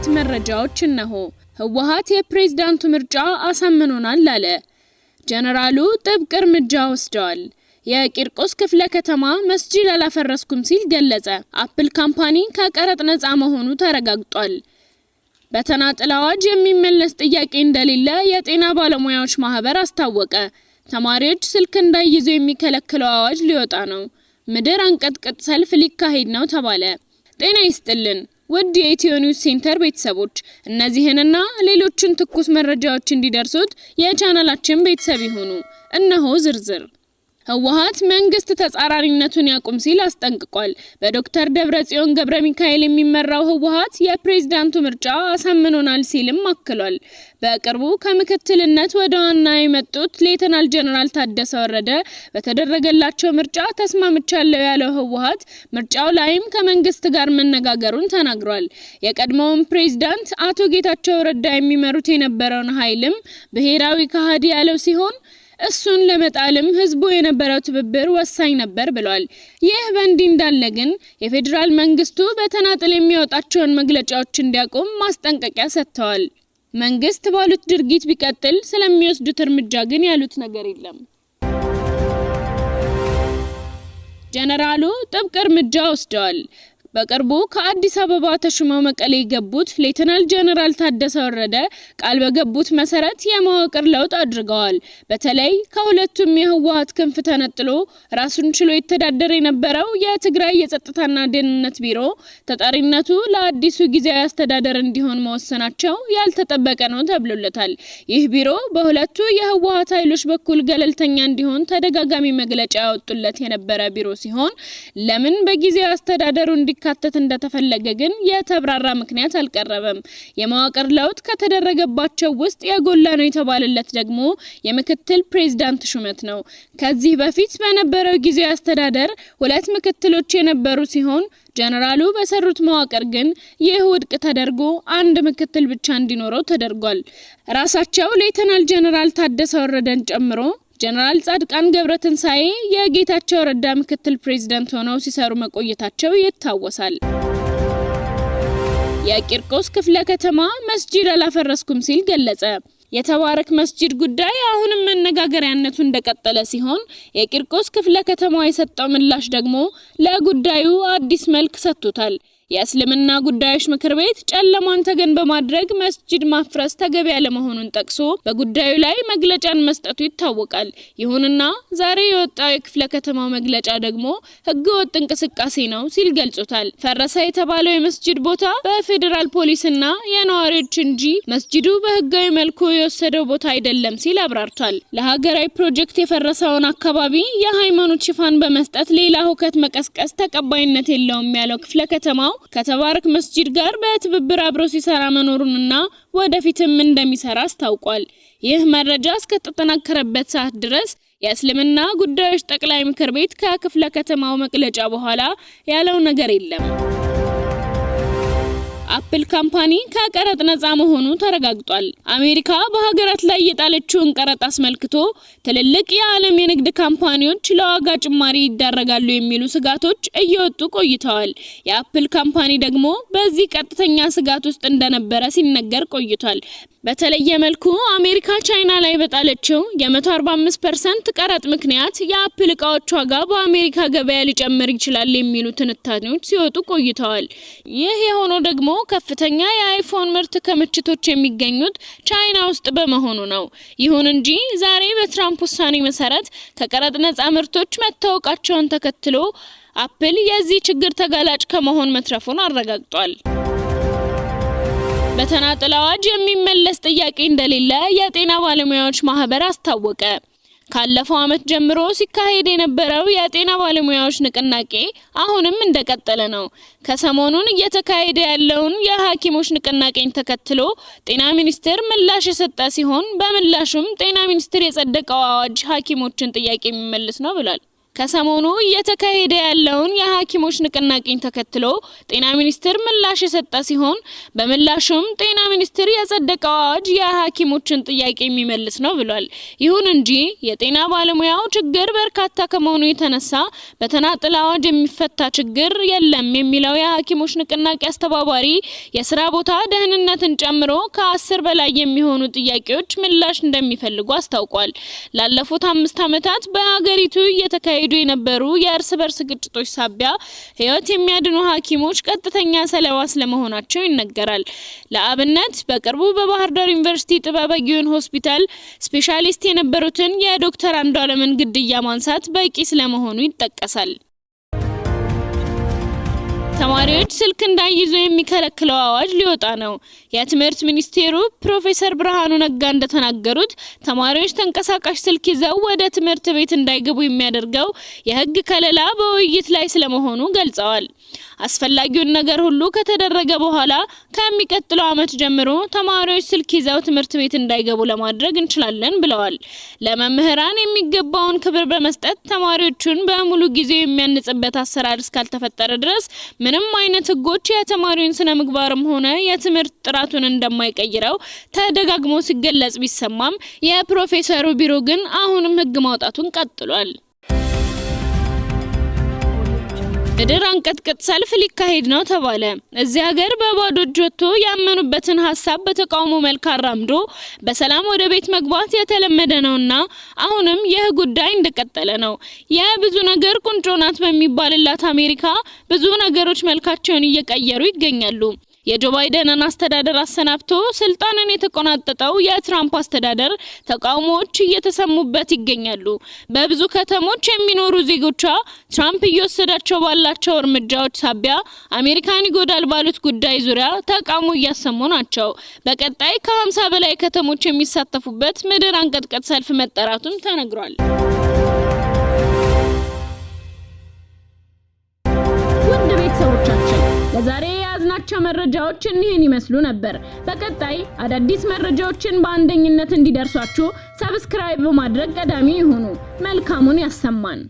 አበይት መረጃዎች እነሆ። ህወሓት የፕሬዝዳንቱ ምርጫ አሳምኖናል አለ። ጀነራሉ ጥብቅ እርምጃ ወስደዋል። የቂርቆስ ክፍለ ከተማ መስጂድ አላፈረስኩም ሲል ገለጸ። አፕል ካምፓኒ ከቀረጥ ነጻ መሆኑ ተረጋግጧል። በተናጥል አዋጅ የሚመለስ ጥያቄ እንደሌለ የጤና ባለሙያዎች ማህበር አስታወቀ። ተማሪዎች ስልክ እንዳይይዙ የሚከለክለው አዋጅ ሊወጣ ነው። ምድር አንቀጥቅጥ ሰልፍ ሊካሄድ ነው ተባለ። ጤና ይስጥልን። ውድ የኢትዮ ኒውስ ሴንተር ቤተሰቦች እነዚህንና ሌሎችን ትኩስ መረጃዎች እንዲደርሱት የቻናላችን ቤተሰብ ይሁኑ። እነሆ ዝርዝር ህወሀት መንግስት ተጻራሪነቱን ያቁም ሲል አስጠንቅቋል። በዶክተር ደብረጽዮን ገብረ ሚካኤል የሚመራው ህወሀት የፕሬዝዳንቱ ምርጫ አሳምኖናል ሲልም አክሏል። በቅርቡ ከምክትልነት ወደ ዋና የመጡት ሌተናል ጀነራል ታደሰ ወረደ በተደረገላቸው ምርጫ ተስማምቻለሁ ያለው ህወሀት ምርጫው ላይም ከመንግስት ጋር መነጋገሩን ተናግሯል። የቀድሞውን ፕሬዝዳንት አቶ ጌታቸው ረዳ የሚመሩት የነበረውን ኃይልም ብሔራዊ ካህዲ ያለው ሲሆን እሱን ለመጣልም ህዝቡ የነበረው ትብብር ወሳኝ ነበር ብሏል። ይህ በእንዲህ እንዳለ ግን የፌዴራል መንግስቱ በተናጠል የሚያወጣቸውን መግለጫዎች እንዲያቆም ማስጠንቀቂያ ሰጥተዋል። መንግስት ባሉት ድርጊት ቢቀጥል ስለሚወስዱት እርምጃ ግን ያሉት ነገር የለም። ጀነራሉ ጥብቅ እርምጃ ወስደዋል። በቅርቡ ከአዲስ አበባ ተሹመው መቀሌ የገቡት ሌተናል ጀነራል ታደሰ ወረደ ቃል በገቡት መሰረት የመዋቅር ለውጥ አድርገዋል። በተለይ ከሁለቱም የህወሀት ክንፍ ተነጥሎ ራሱን ችሎ ይተዳደር የነበረው የትግራይ የጸጥታና ደህንነት ቢሮ ተጠሪነቱ ለአዲሱ ጊዜያዊ አስተዳደር እንዲሆን መወሰናቸው ያልተጠበቀ ነው ተብሎለታል። ይህ ቢሮ በሁለቱ የህወሀት ኃይሎች በኩል ገለልተኛ እንዲሆን ተደጋጋሚ መግለጫ ያወጡለት የነበረ ቢሮ ሲሆን ለምን በጊዜያዊ አስተዳደሩ እንዲ እንዲካተት እንደተፈለገ ግን የተብራራ ምክንያት አልቀረበም። የመዋቅር ለውጥ ከተደረገባቸው ውስጥ የጎላ ነው የተባለለት ደግሞ የምክትል ፕሬዝዳንት ሹመት ነው። ከዚህ በፊት በነበረው ጊዜ አስተዳደር ሁለት ምክትሎች የነበሩ ሲሆን ጀነራሉ በሰሩት መዋቅር ግን ይህ ውድቅ ተደርጎ አንድ ምክትል ብቻ እንዲኖረው ተደርጓል። ራሳቸው ሌተናል ጀነራል ታደሰ ወረደን ጨምሮ ጀነራል ጻድቃን ገብረትንሳኤ የጌታቸው ረዳ ምክትል ፕሬዝደንት ሆነው ሲሰሩ መቆየታቸው ይታወሳል። የቂርቆስ ክፍለ ከተማ መስጂድ አላፈረስኩም ሲል ገለጸ። የተባረክ መስጂድ ጉዳይ አሁንም መነጋገሪያነቱ እንደቀጠለ ሲሆን የቂርቆስ ክፍለ ከተማ የሰጠው ምላሽ ደግሞ ለጉዳዩ አዲስ መልክ ሰጥቶታል። የእስልምና ጉዳዮች ምክር ቤት ጨለማን ተገን በማድረግ መስጅድ ማፍረስ ተገቢ ያለመሆኑን ጠቅሶ በጉዳዩ ላይ መግለጫን መስጠቱ ይታወቃል። ይሁንና ዛሬ የወጣው የክፍለ ከተማው መግለጫ ደግሞ ህገ ወጥ እንቅስቃሴ ነው ሲል ገልጾታል። ፈረሰ የተባለው የመስጅድ ቦታ በፌዴራል ፖሊስና የነዋሪዎች እንጂ መስጅዱ በህጋዊ መልኩ የወሰደው ቦታ አይደለም ሲል አብራርቷል። ለሀገራዊ ፕሮጀክት የፈረሰውን አካባቢ የሃይማኖት ሽፋን በመስጠት ሌላ ሁከት መቀስቀስ ተቀባይነት የለውም ያለው ክፍለ ከተማው ከተባረክ መስጂድ ጋር በትብብር አብሮ ሲሰራ መኖሩንና ወደፊትም እንደሚሰራ አስታውቋል። ይህ መረጃ እስከተጠናከረበት ሰዓት ድረስ የእስልምና ጉዳዮች ጠቅላይ ምክር ቤት ከክፍለ ከተማው መግለጫ በኋላ ያለው ነገር የለም። የአፕል ካምፓኒ ከቀረጥ ነጻ መሆኑ ተረጋግጧል። አሜሪካ በሀገራት ላይ የጣለችውን ቀረጥ አስመልክቶ ትልልቅ የዓለም የንግድ ካምፓኒዎች ለዋጋ ጭማሪ ይዳረጋሉ የሚሉ ስጋቶች እየወጡ ቆይተዋል። የአፕል ካምፓኒ ደግሞ በዚህ ቀጥተኛ ስጋት ውስጥ እንደነበረ ሲነገር ቆይቷል። በተለየ መልኩ አሜሪካ ቻይና ላይ በጣለችው የ145 ፐርሰንት ቀረጥ ምክንያት የአፕል እቃዎች ዋጋ በአሜሪካ ገበያ ሊጨምር ይችላል የሚሉ ትንታኔዎች ሲወጡ ቆይተዋል። ይህ የሆነው ደግሞ ከፍተኛ የአይፎን ምርት ክምችቶች የሚገኙት ቻይና ውስጥ በመሆኑ ነው። ይሁን እንጂ ዛሬ በትራምፕ ውሳኔ መሰረት ከቀረጥ ነጻ ምርቶች መታወቃቸውን ተከትሎ አፕል የዚህ ችግር ተጋላጭ ከመሆን መትረፉን አረጋግጧል። በተናጠል አዋጅ የሚመለስ ጥያቄ እንደሌለ የጤና ባለሙያዎች ማህበር አስታወቀ። ካለፈው ዓመት ጀምሮ ሲካሄድ የነበረው የጤና ባለሙያዎች ንቅናቄ አሁንም እንደቀጠለ ነው። ከሰሞኑን እየተካሄደ ያለውን የሐኪሞች ንቅናቄን ተከትሎ ጤና ሚኒስቴር ምላሽ የሰጠ ሲሆን በምላሹም ጤና ሚኒስቴር የጸደቀው አዋጅ ሐኪሞችን ጥያቄ የሚመልስ ነው ብሏል። ከሰሞኑ እየተካሄደ ያለውን የሐኪሞች ንቅናቄን ተከትሎ ጤና ሚኒስቴር ምላሽ የሰጠ ሲሆን በምላሹም ጤና ሚኒስቴር የጸደቀው አዋጅ የሐኪሞችን ጥያቄ የሚመልስ ነው ብሏል። ይሁን እንጂ የጤና ባለሙያው ችግር በርካታ ከመሆኑ የተነሳ በተናጥል አዋጅ የሚፈታ ችግር የለም የሚለው የሐኪሞች ንቅናቄ አስተባባሪ የስራ ቦታ ደህንነትን ጨምሮ ከአስር በላይ የሚሆኑ ጥያቄዎች ምላሽ እንደሚፈልጉ አስታውቋል። ላለፉት አምስት ዓመታት በሀገሪቱ እየተካሄደ ሲካሄዱ የነበሩ የእርስ በርስ ግጭቶች ሳቢያ ህይወት የሚያድኑ ሐኪሞች ቀጥተኛ ሰለባ ስለመሆናቸው ይነገራል። ለአብነት በቅርቡ በባህር ዳር ዩኒቨርሲቲ ጥበበ ግዮን ሆስፒታል ስፔሻሊስት የነበሩትን የዶክተር አንዷለምን ግድያ ማንሳት በቂ ስለመሆኑ ይጠቀሳል። ተማሪዎች ስልክ እንዳይይዙ የሚከለክለው አዋጅ ሊወጣ ነው። የትምህርት ሚኒስቴሩ ፕሮፌሰር ብርሃኑ ነጋ እንደተናገሩት ተማሪዎች ተንቀሳቃሽ ስልክ ይዘው ወደ ትምህርት ቤት እንዳይገቡ የሚያደርገው የሕግ ከለላ በውይይት ላይ ስለመሆኑ ገልጸዋል። አስፈላጊውን ነገር ሁሉ ከተደረገ በኋላ ከሚቀጥለው ዓመት ጀምሮ ተማሪዎች ስልክ ይዘው ትምህርት ቤት እንዳይገቡ ለማድረግ እንችላለን ብለዋል። ለመምህራን የሚገባውን ክብር በመስጠት ተማሪዎቹን በሙሉ ጊዜው የሚያንጽበት አሰራር እስካልተፈጠረ ድረስ ምንም አይነት ህጎች የተማሪውን ስነ ምግባርም ሆነ የትምህርት ጥራቱን እንደማይቀይረው ተደጋግሞ ሲገለጽ ቢሰማም የፕሮፌሰሩ ቢሮ ግን አሁንም ህግ ማውጣቱን ቀጥሏል። ምድር አንቀጥቅጥ ሰልፍ ሊካሄድ ነው ተባለ። እዚህ ሀገር በባዶ እጅ ወጥቶ ያመኑበትን ሀሳብ በተቃውሞ መልክ አራምዶ በሰላም ወደ ቤት መግባት የተለመደ ነውና አሁንም ይህ ጉዳይ እንደቀጠለ ነው። ይህ ብዙ ነገር ቁንጮ ናት በሚባልላት አሜሪካ ብዙ ነገሮች መልካቸውን እየቀየሩ ይገኛሉ። የጆ ባይደንን አስተዳደር አሰናብቶ ስልጣንን የተቆናጠጠው የትራምፕ አስተዳደር ተቃውሞዎች እየተሰሙበት ይገኛሉ። በብዙ ከተሞች የሚኖሩ ዜጎቿ ትራምፕ እየወሰዳቸው ባላቸው እርምጃዎች ሳቢያ አሜሪካን ይጎዳል ባሉት ጉዳይ ዙሪያ ተቃውሞ እያሰሙ ናቸው። በቀጣይ ከ50 በላይ ከተሞች የሚሳተፉበት ምድር አንቀጥቀጥ ሰልፍ መጠራቱም ተነግሯል። ለዛሬ የያዝናቸው መረጃዎች እኒህን ይመስሉ ነበር። በቀጣይ አዳዲስ መረጃዎችን በአንደኝነት እንዲደርሷችሁ ሰብስክራይብ በማድረግ ቀዳሚ ይሁኑ። መልካሙን ያሰማን።